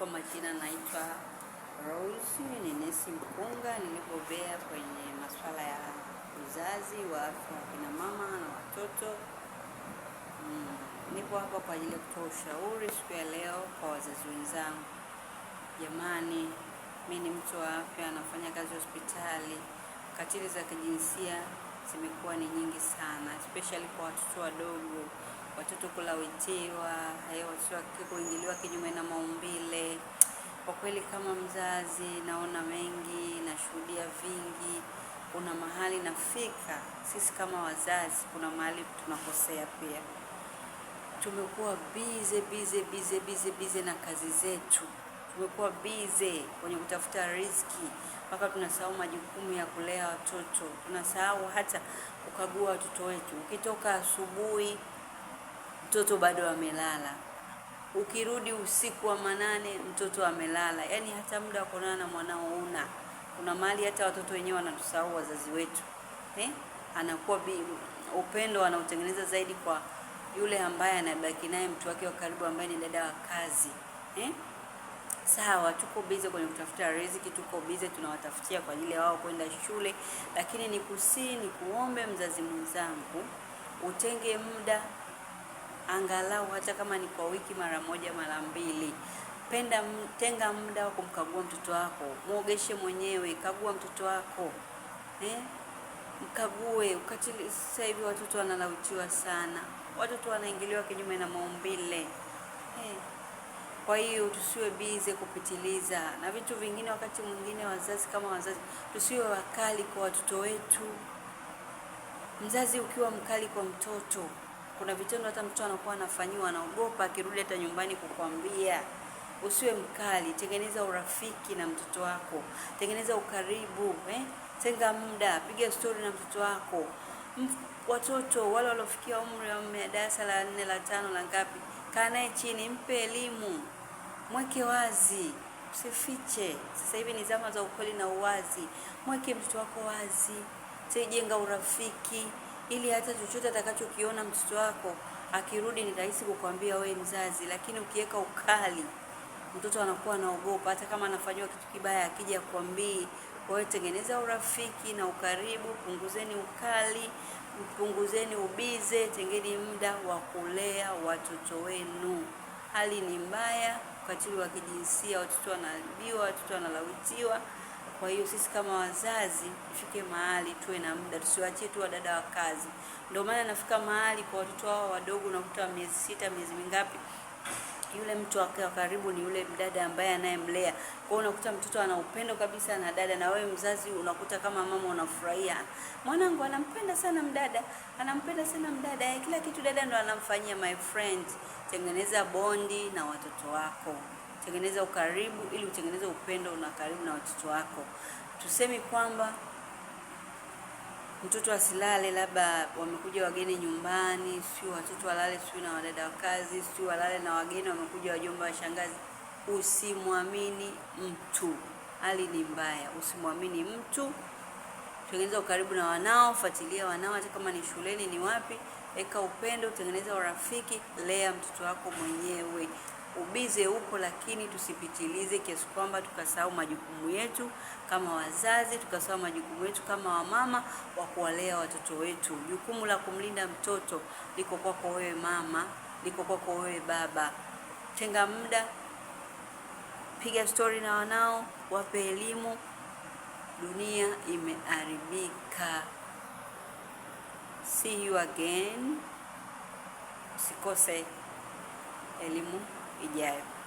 Kwa majina naitwa Rose ni nesi mkunga, nilipobea kwenye masuala ya uzazi wa afya wa kina mama na watoto. Mm, nipo hapa kwa ajili ya kutoa ushauri siku ya leo kwa wazazi wenzangu. Jamani, mimi ni mtu wa afya, nafanya kazi hospitali. Katili za kijinsia zimekuwa ni nyingi sana, especially kwa watoto wadogo, watoto kulawitiwa, watoto kuingiliwa kinyume na maumbile. Kwa kweli kama mzazi, naona mengi, nashuhudia vingi. Kuna mahali nafika, sisi kama wazazi, kuna mahali tunakosea pia. Tumekuwa bize bize bize bize bize na kazi zetu tumekuwa busy kwenye kutafuta riziki mpaka tunasahau majukumu ya kulea watoto, tunasahau hata kukagua watoto wetu. Ukitoka asubuhi mtoto bado amelala, ukirudi usiku wa manane mtoto amelala. Yaani hata muda wa kuonana na mwanao una kuna mali hata watoto wenyewe wanatusahau wazazi wetu eh? Anakuwa bi, upendo anautengeneza zaidi kwa yule ambaye anabaki naye mtu wake wa karibu ambaye ni dada wa kazi eh? sawa, tuko bize kwenye kutafuta riziki, tuko bize tunawatafutia kwa ajili ya wao kwenda shule, lakini ni kusii ni kuombe mzazi mwenzangu, utenge muda angalau hata kama ni kwa wiki mara moja mara mbili Penda, tenga muda wa kumkagua mtoto wako, mwogeshe mwenyewe, kagua mtoto wako eh? Mkague ukatili. Sasa hivi watoto wanalautiwa sana, watoto wanaingiliwa kinyume na maumbile. Kwa hiyo tusiwe bize kupitiliza na vitu vingine. Wakati mwingine wazazi kama wazazi tusiwe wakali kwa watoto wetu. Mzazi ukiwa mkali kwa mtoto, kuna vitendo hata mtoto anakuwa anafanyiwa, anaogopa, akirudi hata nyumbani kukwambia. Usiwe mkali, tengeneza urafiki na mtoto wako, tengeneza ukaribu eh? Tenga muda, piga stori na mtoto wako. Watoto wale waliofikia umri wa darasa la nne la tano la ngapi, kaa naye chini, mpe elimu mweke wazi, usifiche. Sasa hivi ni zama za ukweli na uwazi. Mweke mtoto wako wazi, tejenga urafiki, ili hata chochote atakachokiona mtoto wako akirudi ni rahisi kukwambia wewe mzazi, lakini ukiweka ukali mtoto anakuwa anaogopa, hata kama anafanyiwa kitu kibaya akija kuambii Kwa hiyo tengeneza urafiki na ukaribu, punguzeni ukali, punguzeni ubize, tengeni muda wa kulea watoto wenu. Hali ni mbaya ukatili wa kijinsia, watoto wanaibiwa, watoto wanalawitiwa. Kwa hiyo sisi kama wazazi tufike mahali tuwe na muda, tusiwaachie tu wadada wa kazi. Ndio maana nafika mahali kwa watoto hao wadogo, unakuta miezi sita, miezi mingapi yule mtu wa karibu ni yule mdada ambaye anayemlea. Kwa hiyo unakuta mtoto ana upendo kabisa na dada, na wewe mzazi unakuta kama mama unafurahia, mwanangu anampenda sana mdada, anampenda sana mdada eh, kila kitu dada ndo anamfanyia. My friend, tengeneza bondi na watoto wako, tengeneza ukaribu ili utengeneze upendo na karibu na watoto wako. Tusemi kwamba mtoto asilale, labda wamekuja wageni nyumbani, sio watoto walale, sio na wadada wa kazi, sio walale na wageni wamekuja wajomba wa shangazi. Usimwamini mtu, hali ni mbaya, usimwamini mtu. Tengeneza ukaribu na wanao, fuatilia wanao, hata kama ni shuleni, ni wapi, weka upendo, utengeneza urafiki, lea mtoto wako mwenyewe. Ubize huko lakini tusipitilize kiasi kwamba tukasahau majukumu yetu kama wazazi, tukasahau majukumu yetu kama wamama wa kuwalea watoto wetu. Jukumu la kumlinda mtoto liko kwako wewe mama, liko kwako wewe baba. Tenga muda, piga stori na wanao, wape elimu. Dunia imeharibika. See you again. Usikose elimu. ijab